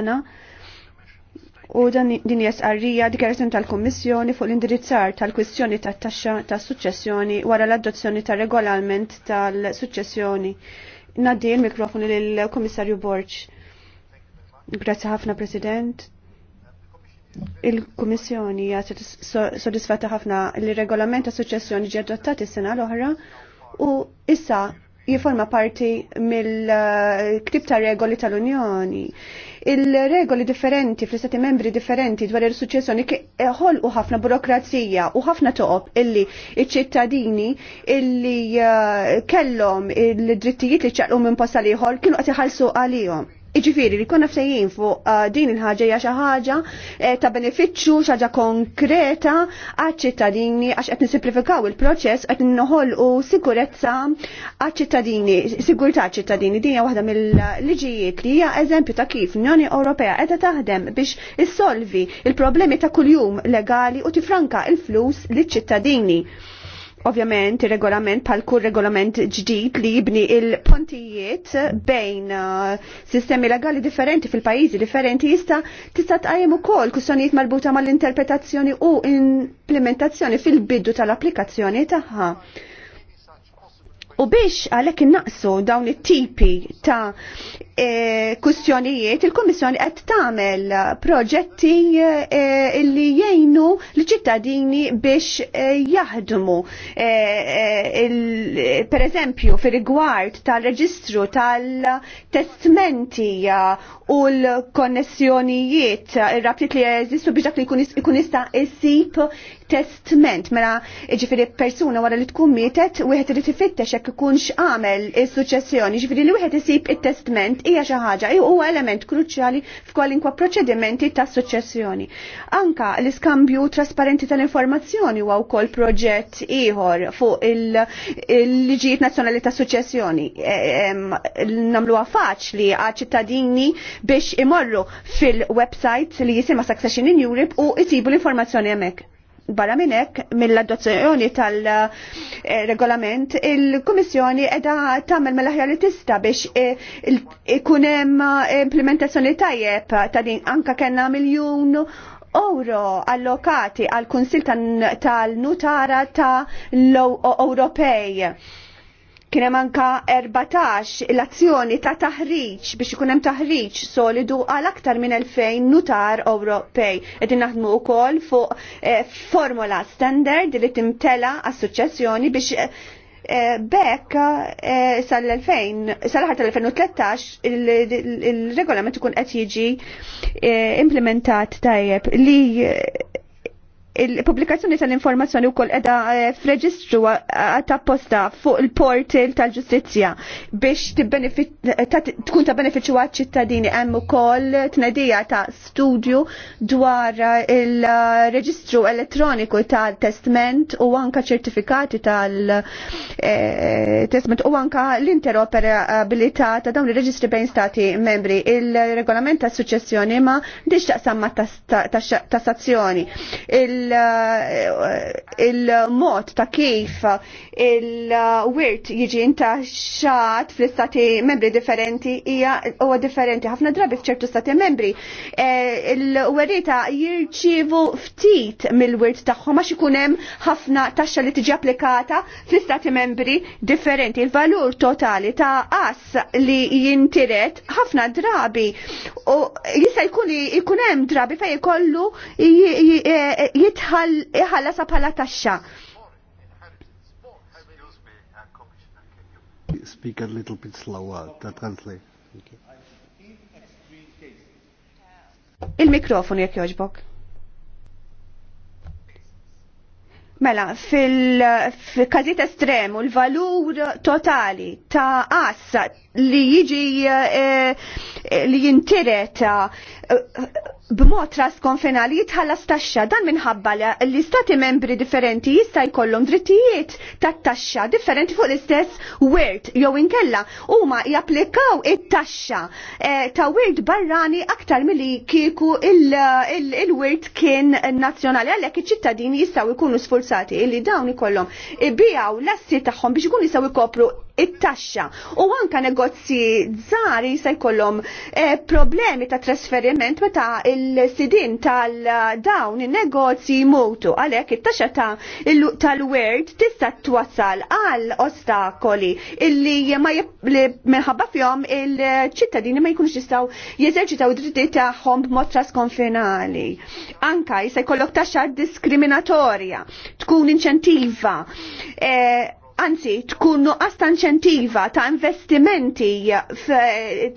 tagħna u dan din jasqarrija dikjarazzjoni tal-Kummissjoni fuq l-indirizzar tal-kwistjoni tat-taxxa tas-suċċessjoni wara l-adozzjoni tar-regolament tal-suċċessjoni. Naddi il-mikrofonu lill-Kummissarju Borġ. Grazzi ħafna President. Il-Kummissjoni hija sodisfatta ħafna li regolament ta' suċċessjoni ġie adottat is-sena l-oħra u issa jiforma parti mill-ktib ta' regoli tal-Unjoni. Il-regoli differenti fl-istati membri differenti dwar il-successjoni ħol u ħafna burokrazija u ħafna toqob illi iċ-ċittadini illi eh, kellhom il-drittijiet li ċaqlu minn posta liħor kienu qed iħallsu għalihom Iġifiri li konna f'sejjien fuq uh, din il-ħaġa hija xi ħaġa eh, ta' benefiċċju xi ħaġa konkreta għaċ-ċittadini għax qed nisimplifikaw il-proċess qed u sikurezza għaċ-ċittadini, sigurtà ċittadini din hija waħda mill-liġijiet li hija eżempju ta' kif l-Unjoni Ewropea qiegħda taħdem biex issolvi il-problemi ta' kuljum legali u tifranka il-flus liċ-ċittadini. Ovvjament, regolament pal kull regolament ġdid li jibni il-pontijiet bejn uh, sistemi legali differenti fil-pajizi differenti jista tista' tqajjem ukoll kussjonijiet marbuta mal-interpretazzjoni u implementazzjoni fil-biddu tal-applikazzjoni tagħha. U biex għalek innaqsu dawn it-tipi ta' e, kustjonijiet, il-Kommissjoni qed tagħmel proġetti e, li jgħinu ċittadini biex eh, jaħdmu. Eh, eh, per eżempju, fir rigward tal-reġistru tal-testmenti u l-konnessjonijiet, il-rabtiet li jeżistu biex dak li jkun jista' isib testament mela ġifiri persuna wara li tkun mietet wieħed irid ifittex jekk ikunx għamel is-suċessjoni ġifiri li wieħed jisib it-testament hija xi ħaġa huwa element kruċjali f'kwalinkwa proċedimenti ta' suċessjoni. Anka l-iskambju trasparenti tal-informazzjoni huwa wkoll proġett ieħor fuq il-liġijiet nazzjonali ta' suċessjoni. E, namluha faċli li ċittadini biex imorru fil-websites li jisima Succession in Europe u jisibu l-informazzjoni hemmhekk barra minnek mill-adozzjoni tal-regolament il-Komissjoni edha tamel mill-aħjar li tista biex eh, ikunem eh, implementazzjoni tajjeb ta' din anka kena miljon euro allokati għal-Kunsil tal-Nutara ta' l-Ewropej. Kien hemm anka 14 l-azzjoni ta' taħriġ biex ikun hemm taħriġ solidu għal aktar minn 2000 nutar Ewropej. qed naħdmu wkoll fuq eh, formula standard li timtela assoċjazzjoni biex eh, bekk eh, sal-2000 sal-ħar tal-2013 il-regolament ikun qed jiġi implementat tajjeb li Il-pubblikazzjoni tal-informazzjoni wkoll qiegħda eh, f'reġistru eh, posta fuq il-portal tal-ġustizzja biex tkun ta' benefiċċju għat ċittadini hemm ukoll tnedija ta' studju dwar il-reġistru elettroniku tal-testment u anka ċertifikati tal-testment eh, u anka l-interoperabilità ta' dawn ir-reġistri bejn stati membri. Il-regolament ta' suċċessjoni ma' diċ samma tassazzjoni. Il- il-mod eh, ta' kif il-wirt jiġi intaxxat fl-istati membri differenti hija huwa differenti ħafna drabi f'ċertu stati membri. Eh, il-werita jirċivu ftit mill-wirt tagħhom għax ikun hemm ħafna taxxa li tiġi applikata fl-istati membri differenti. Il-valur totali ta' qas li jintiret ħafna drabi u jista' jkun jkun hemm drabi fejn ikollu eh, jit iħallasa bħala taxxa. Speak a little bit slower, that translate. Il-mikrofonu jekk joġbok. Mela, fil-kazit u l-valur totali ta' assa li jiġi eh, eh, li jintiret eh, b'mod trasconfinali jitħallas taxxa dan minħabba li stati membri differenti jista' jkollhom drittijiet tat-taxxa differenti fuq l-istess wirt jew inkella huma japplikaw it-taxxa ta' wirt barrani aktar milli kieku il-wirt kien nazzjonali għalhekk iċ-ċittadini jistgħu jkunu sfurzati li dawn ikollhom ibijaw l-assi tagħhom biex ikunu jistgħu jkopru it-taxxa. U anka negozji żgħar jista' jkollhom eh, problemi ta' trasferiment meta il-sidin tal-dawn in-negozji jmutu għalhekk it-taxxa ta' tal-word tista' twassal għal ostakoli illi ma minħabba fihom il-ċittadini ma jkunux jistgħu jeżerċitaw drittijiet tagħhom b'mod trasconfinali. Anka jista' jkollok taxxa diskriminatorja, tkun inċentiva. Eh, anzi tkun nuqqas ta' inċentiva ta' investimenti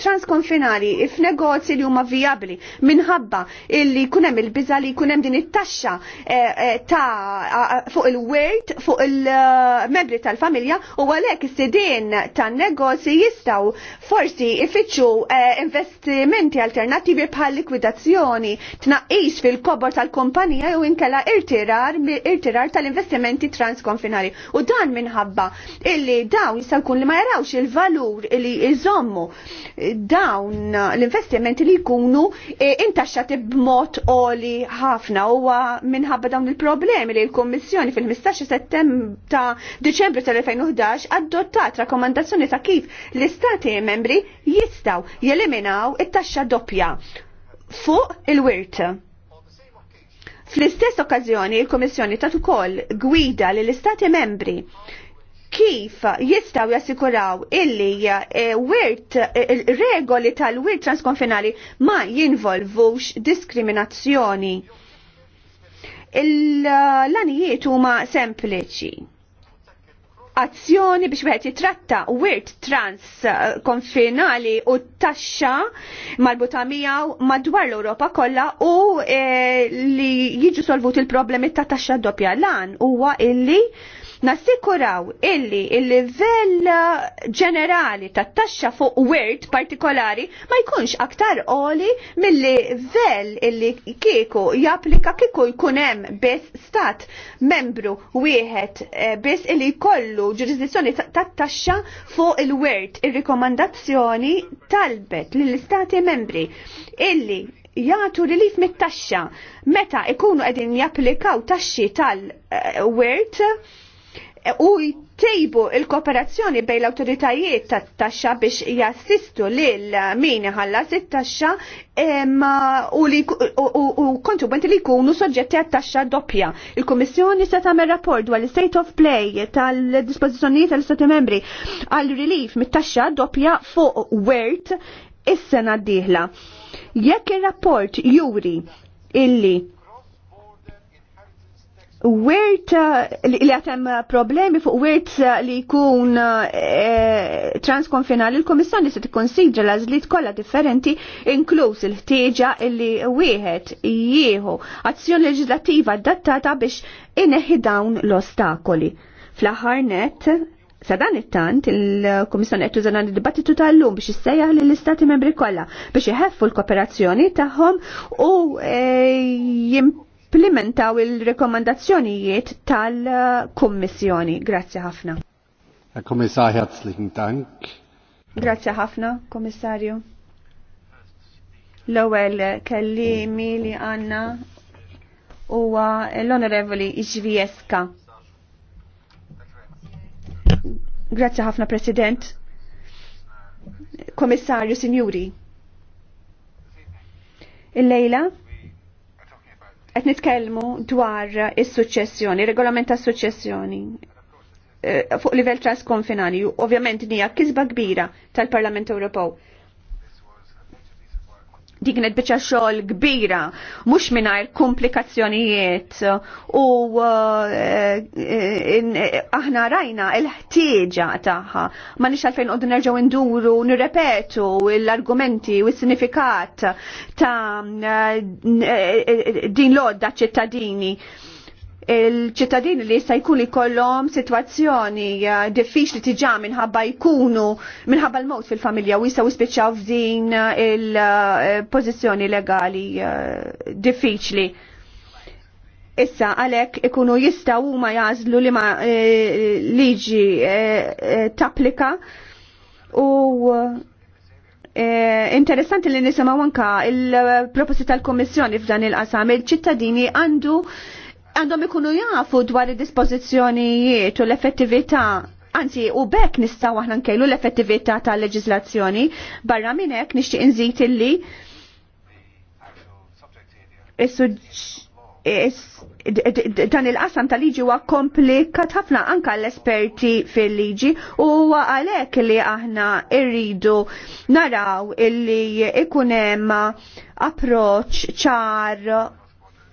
transkonfinali f'negozji li huma vijabbli minħabba illi jkun hemm il-biża li jkun hemm din it-taxxa eh, eh, ta' fuq il-wejt fuq il-membri tal-familja u għalhekk is-sidien tan-negozji jistgħu forsi ifittxu eh, investimenti alternattivi bħal likwidazzjoni tnaqqis fil-kobor tal-kumpanija jew inkella irtirar tal-investimenti transkonfinali u dan minħabba minħabba illi dawn jista' jkun li ma jarawx il-valur illi jżommu dawn l-investimenti li jkunu e, intaxxati b'mod oli ħafna huwa minħabba dawn il-problemi li l-Kummissjoni fil-15 settembru ta' Deċembru tal-2011 adottat rakkomandazzjoni ta' kif l-istati membri jistaw jeliminaw it-taxxa doppja fuq il-wirt. Fl-istess okkażjoni, il kommissjoni tat ukoll gwida l istati membri kif jistaw jassikuraw illi eh, wirt eh, eh, regoli tal-wirt transkonfinali ma jinvolvux diskriminazzjoni. l lanijiet huma sempliċi. Azzjoni biex wieħed jitratta wirt transkonfinali u taxxa marbuta miegħu madwar l-Ewropa kollha u li jiġu solvut il-problemi ta' taxxa doppja lan huwa illi nassikuraw illi il-livell ġenerali ta' taxxa fuq wirt partikolari ma jkunx aktar oli mill-livell illi kieku japplika kieku jkun hemm biss stat membru wieħed eh, biss illi jkollu ġurisdizzjoni ta' taxxa fuq il-wirt. Ir-rikomandazzjoni talbet lill-istati membri illi jgħatu rilif mit-taxxa meta ikunu qegħdin japplikaw taxxi tal-wirt eh, uh, u jtejbu il-kooperazzjoni bej l-autoritajiet tat taxxa biex jassistu lil min ħallas it-taxxa u kontribwenti li jkunu soġġetti għat taxxa doppja. Il-Kummissjoni se tagħmel rapport dwar l-state of play tal-dispożizzjonijiet tal-Stati membri għal relief mit-taxxa doppja fuq wert is-sena d-dieħla. Jekk ir-rapport juri illi wirt eh, li għatem eh, problemi fuq wirt eh, li jkun transkonfinali l-Komissjoni se tikkonsidra l-għażliet kollha differenti inkluż il-ħtieġa li wieħed jieħu azzjoni leġislattiva adattata biex ineħi dawn l-ostakoli. Fl-aħħar net Sa dan it-tant il-Komissjoni qed tużana d-dibattitu tal-lum biex issejjaħ lill-Istati Membri kollha biex iħeffu l-kooperazzjoni tagħhom u jim jimplementaw il-rekomandazzjonijiet tal-Kummissjoni. Grazzi ħafna. Kommissar, herzlichen Dank. Grazzi ħafna, Kommissarju. L-ewwel kelli mili għandna huwa l-Onorevoli Ġvieska. Grazzi ħafna President. Kommissarju Sinjuri. Il-lejla qed nitkellmu dwar is-suċċessjoni, regolament tas-suċċessjoni eh, fuq livell transkonfinali, ovvjament hija kisba kbira tal-Parlament Ewropew dik kienet biċċa xogħol kbira mhux mingħajr komplikazzjonijiet u uh, eh, eh, aħna rajna l-ħtieġa tagħha ma nix għalfejn qogħdu nerġgħu nduru nirrepetu l-argumenti u s-sinifikat ta' eh, din l ċittadini il-ċittadini li jista' jkun ikollhom sitwazzjoni eh, diffiċli tiġà minħabba jkunu minħabba l-mod fil-familja u jistgħu jispiċċaw f'din eh, il-pożizzjoni eh, legali diffiċli. Issa għalhekk ikunu jistgħu huma jażlu li ma liġi tapplika u Eh, interessanti li nisimaw anka il-proposti tal-Kommissjoni f'dan il-qasam, il-ċittadini għandu għandhom ikunu jafu dwar id-dispożizzjonijiet u l-effettività Anzi, u bekk nistaw aħna nkejlu l-effettività tal-leġislazzjoni, barra minn hekk nixtieq inżid illi dan il-qasam tal-liġi huwa komplikat ħafna anka l-esperti fil-liġi u għalhekk li aħna rridu naraw illi ikun hemm approċċ ċar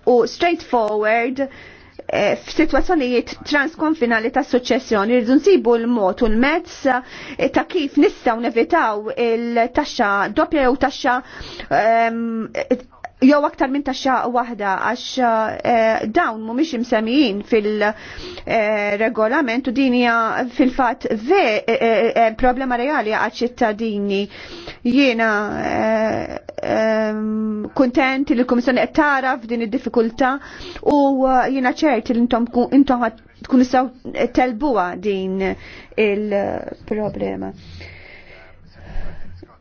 u straightforward eh, f'sitwazzjonijiet transkonfinali ta' suċċessjoni rridu nsibu l-mod u l-mezz eh, ta' kif nistgħu nevitaw il-taxxa doppja jew taxxa ehm, jew aktar minn taxxa waħda għax eh, dawn mhumiex imsemmijin fil-regolament u u dinja fil-fatt ve eh, eh, problema reali għax ċittadini. Jiena kuntent li l-Kummissjoni qed tara f'din id-diffikultà u jiena ċert li intom tkun tkun telbuha din il-problema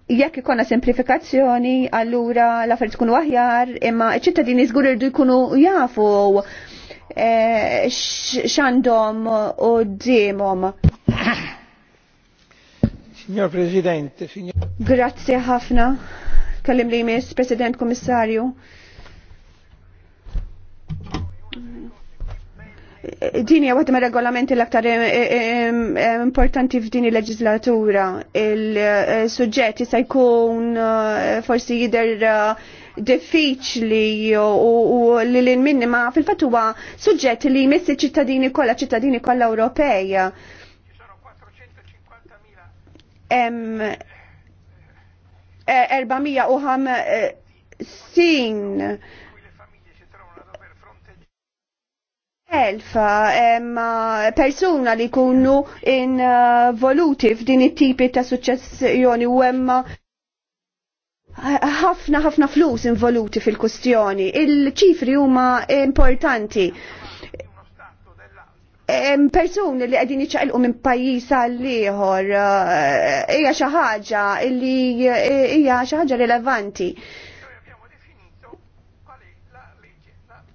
jekk ikonna semplifikazzjoni, allura l-affarijiet tkun aħjar, imma ċ-ċittadini żgur irdu jkunu jafu eh, x'għandhom u d-diemhom. Signor Presidente, signor... Grazie ħafna. Kallim li jmiss, President Komissarju. din hija waħda regolamenti l-aktar eh, eh, eh, importanti f'din il-leġislatura. Il-suġġett jista' jkun forsi jidher diffiċli u li l-minni ma fil-fatt huwa suġġett li jmiss ċittadini kollha ċittadini kollha Ewropej. Hemm sin elf persuna li in involuti f'din it-tipi ta' suċċessjoni u emma ħafna ħafna flus involuti fil-kustjoni. Il-ċifri huma importanti persuni li għedin iċaqilqu minn pajjiż għal ieħor eh, hija xi ħaġa li hija xi ħaġa rilevanti.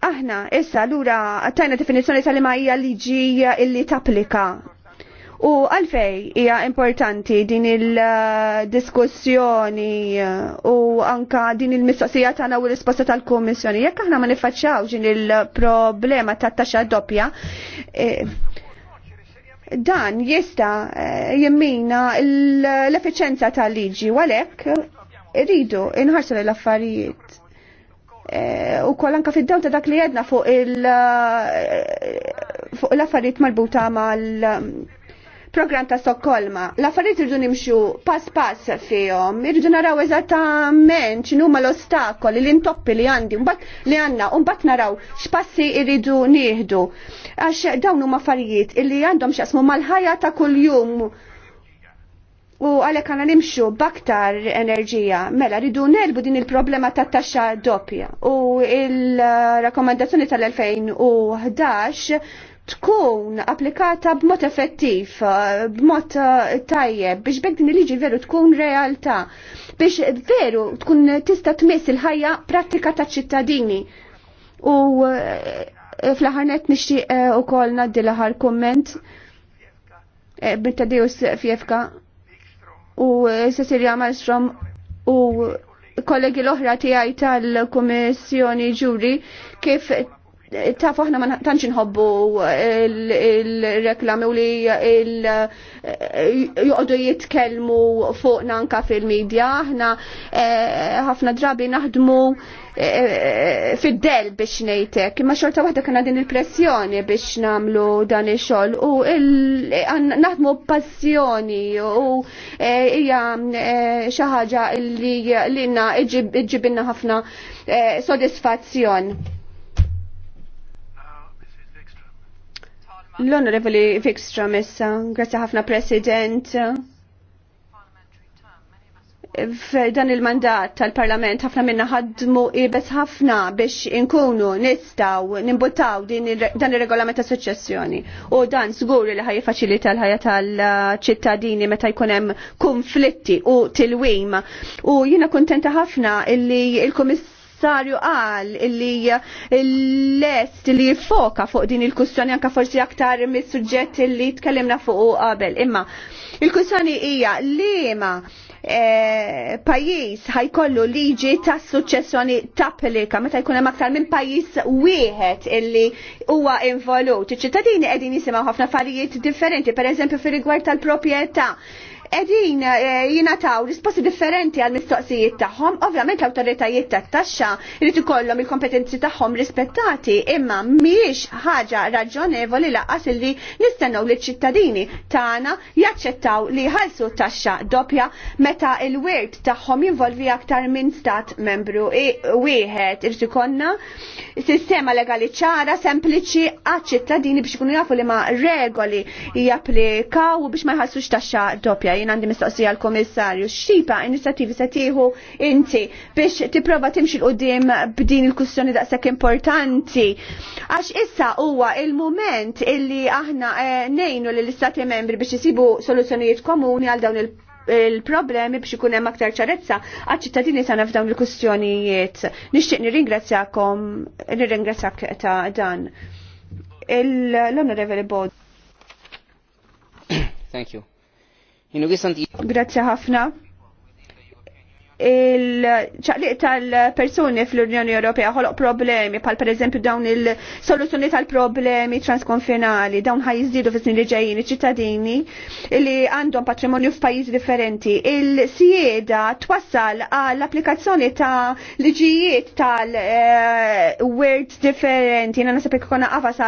Aħna, issa, l-ura, tajna definizjoni tal-ma hija liġi illi tapplika. U għalfej hija importanti din il-diskussjoni eh, u anka din il-mistoqsija tagħna u risposta tal-Kummissjoni. Jekk aħna ma nifaċċawx din il-problema tat-taxxa doppja, eh, dan jista eh, jimmina l-efficienza tal-liġi u għalhekk irridu inħarsu l-affarijiet Eh, u koll anka fid-dawn ta' dak li jedna fuq il- eh, l-affarijiet marbuta mal eh, program ta' Stokkolma. L-affarijiet irridu nimxu pass pass fihom, irridu naraw eżattament x'inhu ma l-ostakoli li ntoppi li għandi, mbagħad li għandna, u mbagħad naraw x'passi irridu nieħdu. Għax dawn huma affarijiet illi għandhom x'jaqsmu mal-ħajja ta' kuljum u għalek għana nimxu baktar enerġija. Mela, ridu nelbu din il-problema ta' taxxa doppja u il-rakomandazzjoni tal-2011 tkun applikata b'mod effettiv, b'mod eh, tajjeb, biex bekk din il-liġi veru tkun realtà, biex veru tkun tista' tmiss il-ħajja pratika ta' ċittadini. U eh, fl-ħarnet nixtieq eh, ukoll naddi l-aħħar komment b'Tadeus Fjefka u eh, Cecilia Malmstrom u kollegi l-oħra tiegħi tal-Kummissjoni Ġuri kif eh, taf aħna ma tantx inħobbu eh, il-reklami u li joqogħdu jitkellmu fuqna anka fil-medja aħna ħafna drabi naħdmu Eh, eh, fid-del biex nejtek, imma xorta wahda kena din il-pressjoni biex namlu dan il-xol u eh, naħdmu passjoni u hija xaħġa li l-inna iġibinna ħafna sodisfazzjon. L-Onorevoli Vikstrom issa, grazie ħafna President f'dan il-mandat tal-Parlament ħafna minna ħadmu ibes ħafna biex inkunu nistaw nimbutaw din dan ir-regolament ta' suċċessjoni. U dan żgur li ħaj faċilita l-ħajja tal-ċittadini meta jkun hemm konflitti u tilwim. U jiena kuntenta ħafna illi il-Kumiss kummissarju għal li l-est li foka fuq din il-kustjoni anka forsi aktar mis-suġġett li tkellimna fuq qabel. Imma il-kustjoni hija li ma E, eh, pajis ħajkollu liġi ta' suċessjoni ta' pelika meta jkun hemm aktar minn pajis wieħed illi huwa involut. Iċ-ċittadini qegħdin jisimgħu ħafna affarijiet differenti, pereżempju fir-rigward tal-proprjetà edin eh, taw risposti differenti għal mistoqsijiet tagħhom, ovvjament l-awtoritajiet tat-taxxa jrid ikollhom il-kompetenzi tagħhom rispettati, imma mhijiex ħaġa raġonevoli laqas li nistennew li ċittadini tagħna jaċċettaw li jħallsu taxxa doppja meta il-wirt tagħhom jinvolvi aktar minn stat membru wieħed irid konna sistema legali ċara sempliċi għaċ-ċittadini biex ikunu jafu li ma regoli japplikaw biex ma jħallsux taxxa doppja jien għandi mistoqsija l-Komissarju. X'ipa inizjattivi se tieħu inti biex tipprova timxi l-qudiem b'din il kussjoni daqshekk importanti. Għax issa huwa il-mument illi aħna eh, nejnu lill istati membri biex isibu soluzzjonijiet komuni għal dawn il- il-problemi biex ikun hemm aktar ċarezza għaċ-ċittadini naf f'dawn il-kustjonijiet. Nixtieq nirringrazzjakom, nirringrazzjak ta' dan. L-Onorevoli Bod. Thank you. Grazie ħafna il-ċaqliq tal-persuni fl-Unjoni Ewropea ħoloq problemi pal per eżempju dawn il-soluzzjoni tal-problemi transkonfinali dawn ħaj jizdidu fis li ġejjin ċittadini li għandhom patrimonju f'pajjiżi differenti. Il-sieda twassal għall-applikazzjoni ta' liġijiet tal-words differenti, jena nasib ikona għafas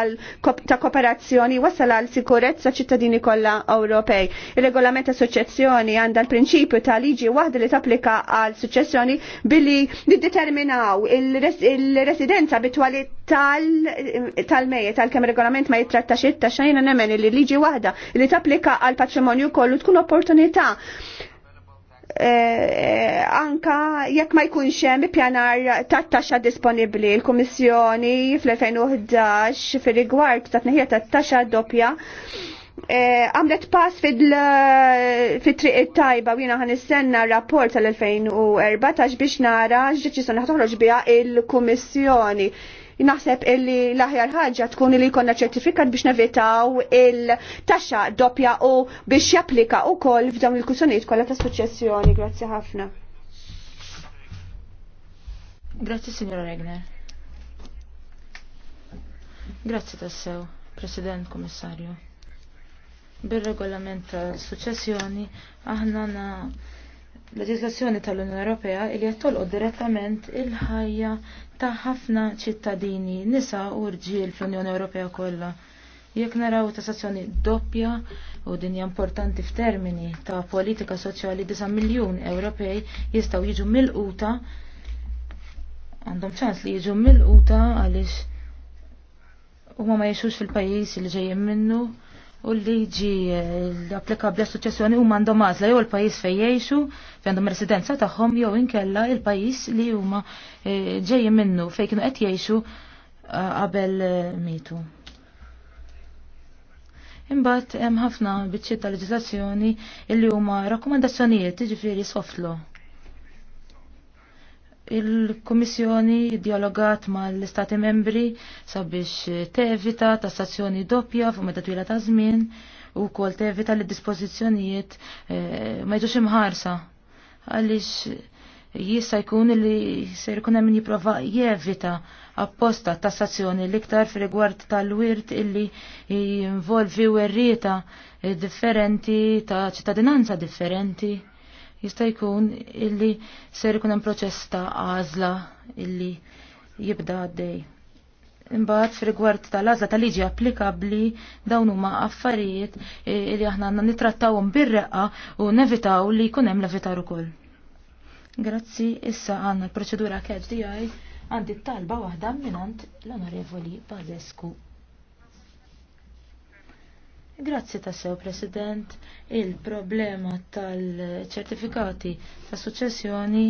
ta' kooperazzjoni wassal għall sikurezza ċittadini kollha Ewropej. Il-regolament associazzjoni għandha l-prinċipju ta' liġi waħda li tapplika għal għal suċessjoni billi niddeterminaw il-residenza bitwali tal-mejje tal-kem regolament ma jitratta it xajna jiena nemmen li liġi waħda li tapplika għal patrimonju kollu tkun opportunità eh, eh, anka jekk ma jkunx hemm ippjanar tat-taxxa disponibbli l-Kummissjoni fl-2011 fir-rigward ta' tneħija tat-taxxa doppja Eh, għamlet pass fil-triq it-tajba u jina għan istenna rapport tal-2014 biex nara ġdeċisjoni ħatħroġ biha il-Kummissjoni. Naħseb illi l-aħjar ħaġa tkun li jkollna ċertifikat biex nevitaw il-taxxa doppja u biex japplika wkoll f'dawn il-kussjonijiet kollha ta' suċċessjoni. Grazzi ħafna. Grazzi Signora Regner. Grazzi tassew, President Kommissarju bir-regolament tas-suċċessjoni aħna na leġislazzjoni tal-Unjoni Ewropea li qed tolqod direttament il-ħajja ta' ħafna ċittadini, nisa u rġiel fl-Unjoni Ewropea kollha. Jekk naraw tassazzjoni doppja u dinja importanti f'termini ta' politika soċjali disa' miljun Ewropej jistgħu jiġu milquta għandhom ċans li jiġu milquta għaliex huma ma jiexux fil-pajjiż li ġejjin minnu u l-liġi eh, applikabli għas-suċessjoni huma għandhom għażla jew il-pajjiż fejn jgħixu fejn għandhom residenza tagħhom jew inkella il-pajjiż li huma eh, ġejjin minnu fejn kienu qed jgħixu eh, qabel mitu. Imbagħad hemm ħafna biċċiet ta' leġiżlazzjoni li huma rakkomandazzjonijiet jiġifieri soft law. Il-Komissjoni dialogat mal-Istati membri sabiex tevita tassazzjoni doppja fuq meta twila ta' żmien u kol tevita li dispożizzjonijiet eh, ma jġux imħarsa. Għaliex jista' jkun li se jkun hemm jipprova jevita apposta tassazzjoni l-iktar fil-rigward tal-wirt illi jinvolvi werrieta differenti ta' ċittadinanza differenti Jista' jkun illi ser ikun hemm proċess ta' għażla illi jibda għaddej. Imbagħad f'rigward tal-għażla tal-liġi applikabbli dawn huma affarijiet e, li aħna għandna nittrattawhom bir-reqqa u nevitaw li jkun hemm levitar ukoll. Grazzi, issa għandna l-proċedura catch DI għandi t-talba waħda minant l-Onorevoli Bazescu Grazzi tassew, President. Il-problema tal-ċertifikati ta' successjoni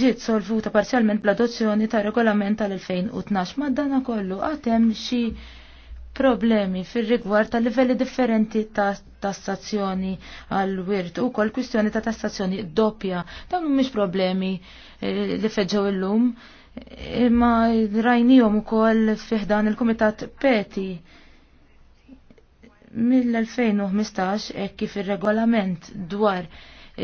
ġiet solvuta parzjalment bl-adozzjoni ta' regolament tal-2012. Ma' dana kollu għatem xi problemi fil-rigward tal livelli differenti ta' tassazzjoni għal wirt u kol kwistjoni ta' tassazzjoni doppja. Dawn mhumiex problemi eh, li feġġew illum imma rajnijom u fih fiħdan il-Komitat Peti mill-2015 hekk kif ir-regolament dwar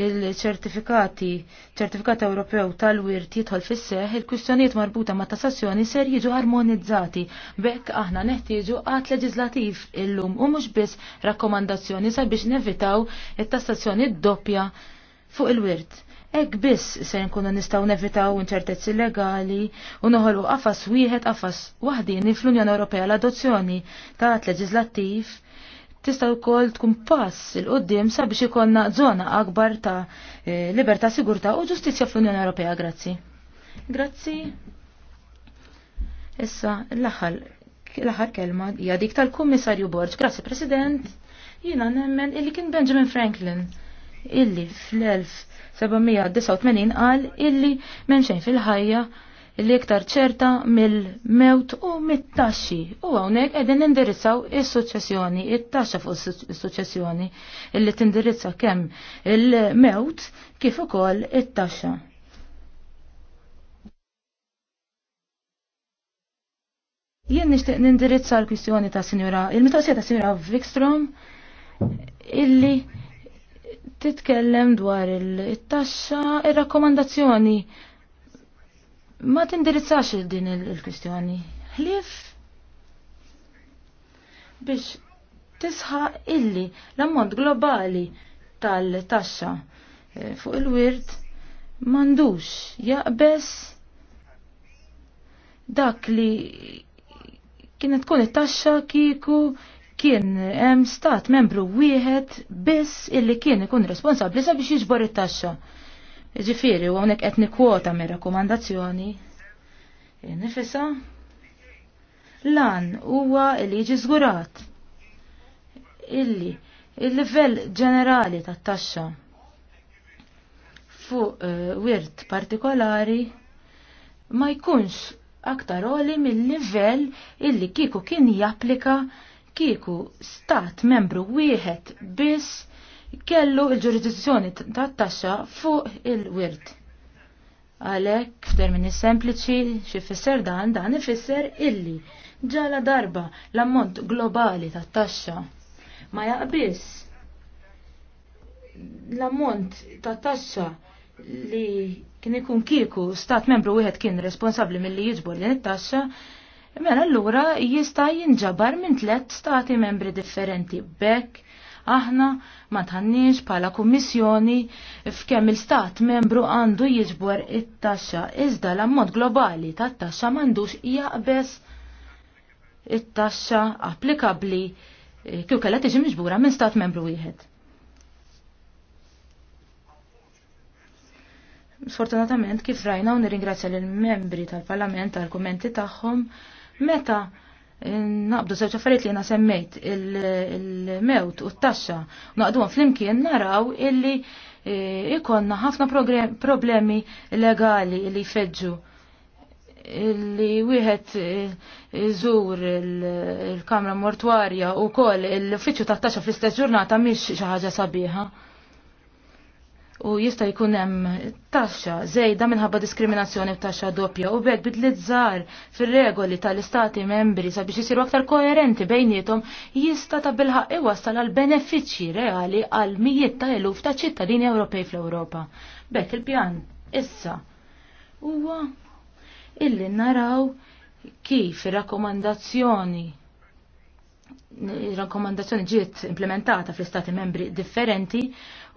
il-ċertifikati, ċertifikat Ewropew tal-wirt jidħol fis seħħ il-kwistjonijiet marbuta ma' tassazzjoni ser jiġu armonizzati. Bekk aħna neħtieġu għat leġislativ illum u mhux biss rakkomandazzjoni sabiex nevitaw it-tassazzjoni doppja fuq il-wirt. Ek biss se nkunu nistaw nevitaw inċertezzi legali u noħolu qafas wieħed qafas waħdini fl-Unjoni Ewropea l-adozzjoni ta' għat leġislattiv tista' wkoll tkun pass il qoddim sabiex ikollna żona akbar ta' eh, libertà, sigurtà u ġustizzja fl-Unjoni Ewropea. Grazzi. Grazzi. Issa l-aħħar l-aħħar kelma hija dik tal-Kummissarju Borġ. Grazzi President. Jiena nemmen illi kien Benjamin Franklin illi fl-1789 qal illi menxen fil-ħajja illi iktar ċerta mill-mewt u mit-taxxi u hawnhekk qegħdin indirizzaw is-suċċessjoni, it-taxxa fuq is-suċċessjoni illi tindirizza kemm il-mewt kif ukoll it-taxxa. Jien nixtieq nindirizza l-kwistjoni ta' Sinjura, il mitaqsija ta' Sinjura Vikstrom illi titkellem dwar il-taxxa, il-rakkomandazzjoni. Ma tindirizzax din il-kwistjoni. Ħlif biex tisħa illi l-ammont globali tal-taxxa eh, fuq il-wirt mandux jaqbess dak li kienet tkun it-taxxa kieku kien hemm stat membru wieħed biss illi kien ikun responsabbli sabiex jiġbor it-taxxa. Ġifieri u hawnhekk qed nikkwota mir-rakkomandazzjoni. Nifisa lan huwa li jiġi żgurat illi il-livell ġenerali tat-taxxa fuq eh, wirt partikolari ma jkunx aktar oli mill-livell illi kiku kien japplika kieku stat membru wieħed biss kellu il-ġurisdizzjoni tat-taxxa fuq il-wirt. Għalhekk f'termini sempliċi x'ifisser dan dan ifisser illi ġala darba l-ammont globali tat-taxxa ma jaqbiss l-ammont tat-taxxa li kien ikun kieku stat membru wieħed kien responsabbli li jiġbor din it-taxxa mela allura jista' jinġabar minn tliet stati membri differenti bekk aħna ma tħannix bħala kummissjoni f'kemm il-stat membru għandu jiġbor it-taxxa iżda l-ammont globali tat-taxxa m'għandux jaqbes it-taxxa applikabbli eh, kieku kellha tiġi miġbura minn stat membru wieħed. Sfortunatament kif rajna u nirringrazzja lill membri tal-Parlament tal-kummenti tagħhom Meta eh, naqbdu żewġ farit li jena semmejt il-mewt u t-taxxa naqduhom flimkien naraw illi eh, ikonna ħafna problemi legali li jfeġġu li wieħed eh, iżur il-kamra mortwarja u koll l-uffiċċju tat-taxxa fl-istess ġurnata mhix xi ħaġa sabiħa u jista' jkun hemm taxxa żejda minħabba diskriminazzjoni f'taxxa doppja u bekk bidliet żgħar fir-regoli tal-istati membri sabiex isiru aktar koerenti bejniethom jista' ta' bilħaq iwassal għal benefiċċji reali għal mijiet ta' eluf ta' ċittadini Ewropej fl-Ewropa. Bekk il-pjan issa huwa illi naraw kif ir-rakkomandazzjoni il-rakkomandazzjoni ġiet implementata fl-istati membri differenti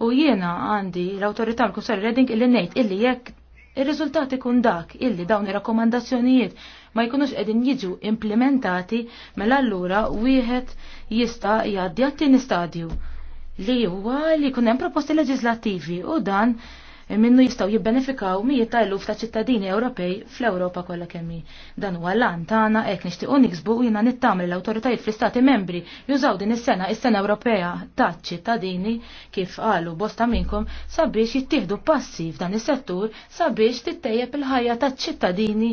u jiena għandi l-autorità l kussar Redding illi ngħid illi jekk ir rizultati kun dak illi dawn ir-rakkomandazzjonijiet ma jkunux edin jiġu implementati mela allura wieħed jista' jgħaddi għat-tieni stadju li huwa li jkun hemm proposti leġislattivi u dan minnu jistaw jibbenefikaw mijiet ta' ta' ċittadini Ewropej fl-Ewropa kollha kemmi. Dan huwa lan tagħna hekk nixtiequ niksbu jiena nittamri l-awtoritajiet fl-Istati membri jużaw din is-sena is-sena Ewropeja ta' ċittadini kif qalu bosta minnkom sabiex jittieħdu passi f'dan is-settur sabiex tittejjeb il-ħajja ta' ċittadini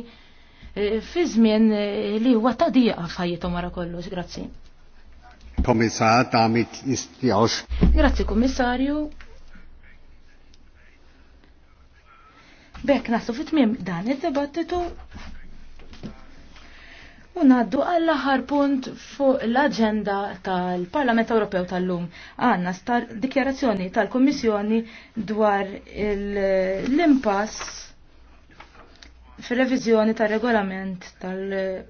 e, fi żmien e, li huwa ta' dieqa f'ħajjithom wara kollox. Grazzi. Kommissar, damit ist die Grazzi, komissarju. Bek nasu fit dan id-debattitu U għall aħar punt fuq l-agenda tal-Parlament Ewropew tal-lum. Għanna star dikjarazzjoni tal-Kommissjoni dwar l-impass fil-revizjoni tal-regolament -regolament tal